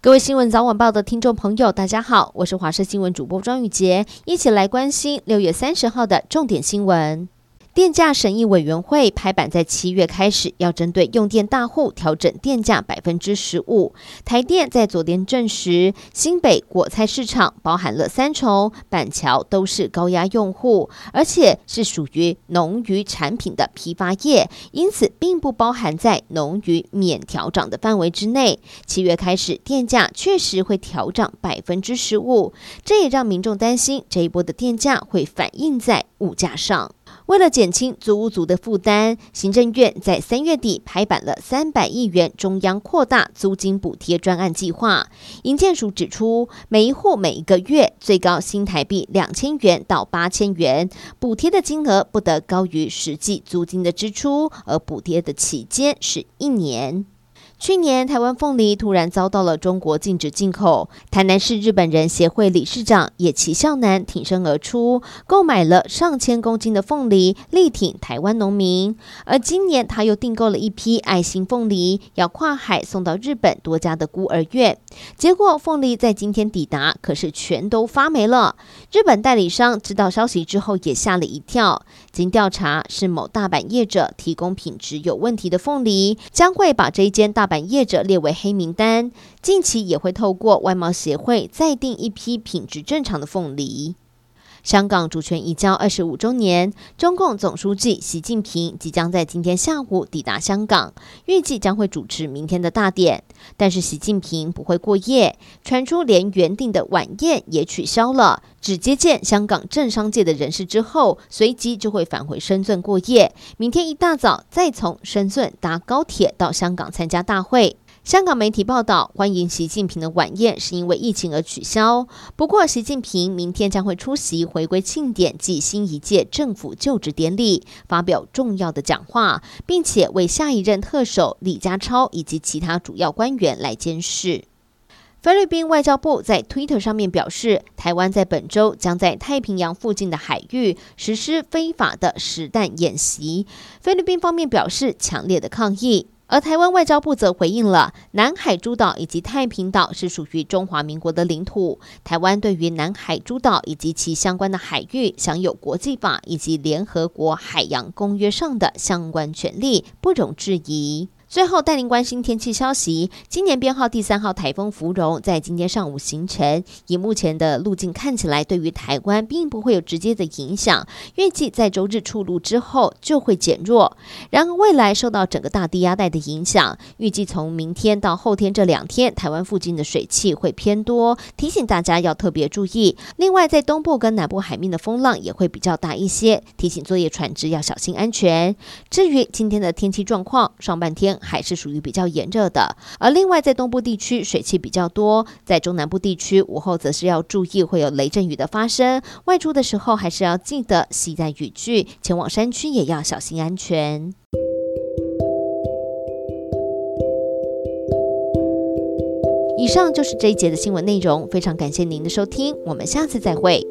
各位新聞早晚報的聽眾朋友，大家好，我是華視新聞主播莊雨潔，一起來關心六月三十號的重點新聞。電價審議委員會拍板，在七月開始要針對用電大戶調整電價百分之十五。台電在昨天證實，新北果菜市場包含了三重、板橋都是高壓用戶，而且是屬於農漁產品的批發業，因此並不包含在農漁免調漲的範圍之內。七月開始電價確實會調漲百分之十五，這也讓民眾擔心這一波的電價會反映在物價上。為了減輕租屋族的負擔，行政院在三月底拍板了三百億元中央擴大租金補貼專案計劃。營建署指出，每一戶每一個月最高新台幣兩千元到八千元，補貼的金額不得高於實際租金的支出，而補貼的期間是一年。去年台灣鳳梨突然遭到了中國禁止進口，台南市日本人協會理事長野崎孝男挺身而出，購買了上千公斤的鳳梨，力挺台灣農民。而今年他又訂購了一批愛心鳳梨，要跨海送到日本多家的孤兒院。結果鳳梨在今天抵達，可是全都發霉了。日本代理商知道消息之後，也嚇了一跳。經調查，是某大阪業者提供品質有問題的鳳梨，將會把這一間大阪業者列為黑名單。近期也會透過外貿協會再訂一批品質正常的鳳梨。香港主權移交二十五周年，中共總書記習近平即將在今天下午抵達香港，預計將會主持明天的大典。但是習近平不會過夜，傳出連原定的晚宴也取消了，只接見香港政商界的人士之後，隨即就會返回深圳過夜，明天一大早再從深圳搭高鐵到香港參加大會。香港媒體報道，歡迎習近平的晚宴是因為疫情而取消。不過，習近平明天將會出席回歸慶典暨新一屆政府就職典禮，發表重要的講話，並且為下一任特首李家超以及其他主要官員來監誓。菲律賓外交部在推特上面表示，台灣在本周將在太平洋附近的海域實施非法的實彈演習，菲律賓方面表示強烈的抗議。而台灣外交部則回應了：南海諸島以及太平島是屬於中華民國的領土。台灣對於南海諸島以及其相關的海域，享有國際法以及聯合國海洋公約上的相關權利，不容置疑。最後帶您關心天氣消息。今年編號第三號颱風“芙蓉”在今天上午形成，以目前的路徑看起來，對於台灣並不會有直接的影響。預計在周日出陸之後就會減弱。然而未來受到整個大低壓帶的影響，預計從明天到後天這兩天，台灣附近的水汽會偏多，提醒大家要特別注意。另外，在東部跟南部海面的風浪也會比較大一些，提醒作業船隻要小心安全。至於今天的天氣狀況，上半天。還是屬於比較炎熱的，而另外在東部地區水汽比較多，在中南部地區午後則是要注意會有雷陣雨的發生，外出的時候還是要記得攜帶雨具，前往山區也要小心安全。以上就是這一節的新聞內容，非常感謝您的收聽，我們下次再會。